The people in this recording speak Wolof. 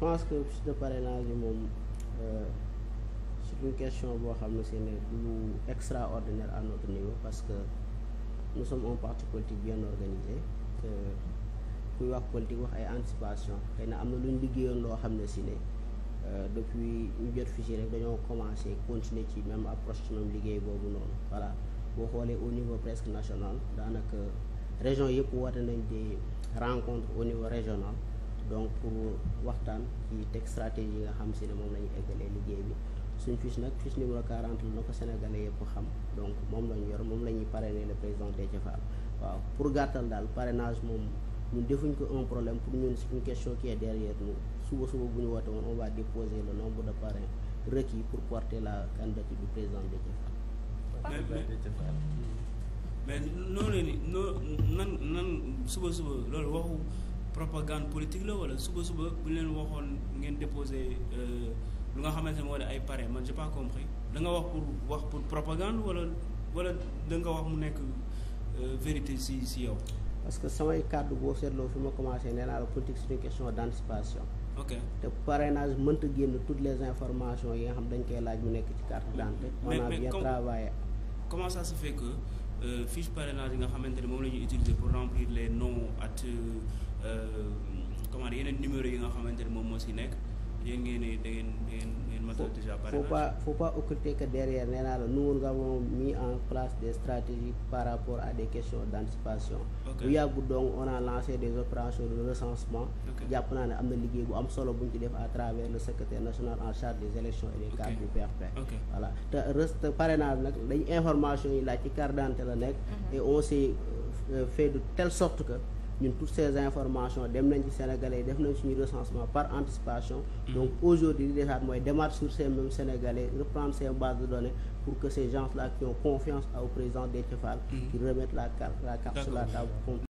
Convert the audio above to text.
pense que fiche de parrainage bi moom euh, c'est question boo xam ne c'est lu extraordinaire à notre niveau parce que nous sommes un parti politique bien organisé que kuy wax politique wax ay anticipation xëy na am na lu ñu liggéeyoon loo xam ne si ne euh, depuis ñu jot fichier rek dañoo commencé continuer ci même approche ci même liggéey boobu noonu voilà boo xoolee au niveau presque national daanaka région yëpp woote nañ des rencontres au niveau régional donc pour waxtaan kii teg stratégie yi nga xam si ne moom la ñu eggalee liggéey bi suñ fiche nag fiche numéro 40 la ko sénégalais yëpp xam donc moom la ñu moom la ñuy parrainer le président Déthié Fall waaw pour gàttal daal parrainage moom ñun defuñ ko un problème pour ñun c'est une question qui est derrière nous suba suba bu ñu woote woon on va déposer le nombre de parrains requis pour porter la candidature du président Déthié Fall. mais noonu la ni nan propagande politique la wala suba suba bu leen waxoon ngeen déposé euh, lu nga xamante ne moo di ay parrain man j'ai pas compris wax pour wax pour propagande wala wala da nga wax mu nekk euh, vérité si si yow. parce que samay kàddu boo seetloo fi ma commencé nee la politique c'est une question d'anticipation. ok génn toutes les informations yi nga xam dañ koy laaj mu nekk ci carte d'identité. mais mais bien travaillé. comment ça se fait que euh, fiche yi nga xamante ne moom la ñuy utiliser pour remplir les noms at. Euh, comment yeneen numéro yi nga xamante ne moom moo si nekk yéen ngeen ne pas faut pas occulter que derrière nee naa la nous nous avons mis en place des stratégies par rapport à des questions d'anticipation bu yàggu donc on a lancé des opérations de recensement jàpp naa ne am na liggéey bu am solo bu ñu ci def à travers le secrétaire national en charge des élections et des cadres du PRP voilà te reste parrainage nag dañ information yi laaj ci carte d'identité la nekk mhm. et on s'est euh, fait que ñun toutes ces informations dem nañ ci sénégalais yi def nañ suñu recensement par anticipation mm-hmm. donc aujourd'hui li desaat mooy démarrer sur ces mêmes sénégalais reprendre ces bases de pour que ces gens là qui ont confiance au président Déthié Fall mm-hmm. qui remettent la carte la carte sur la table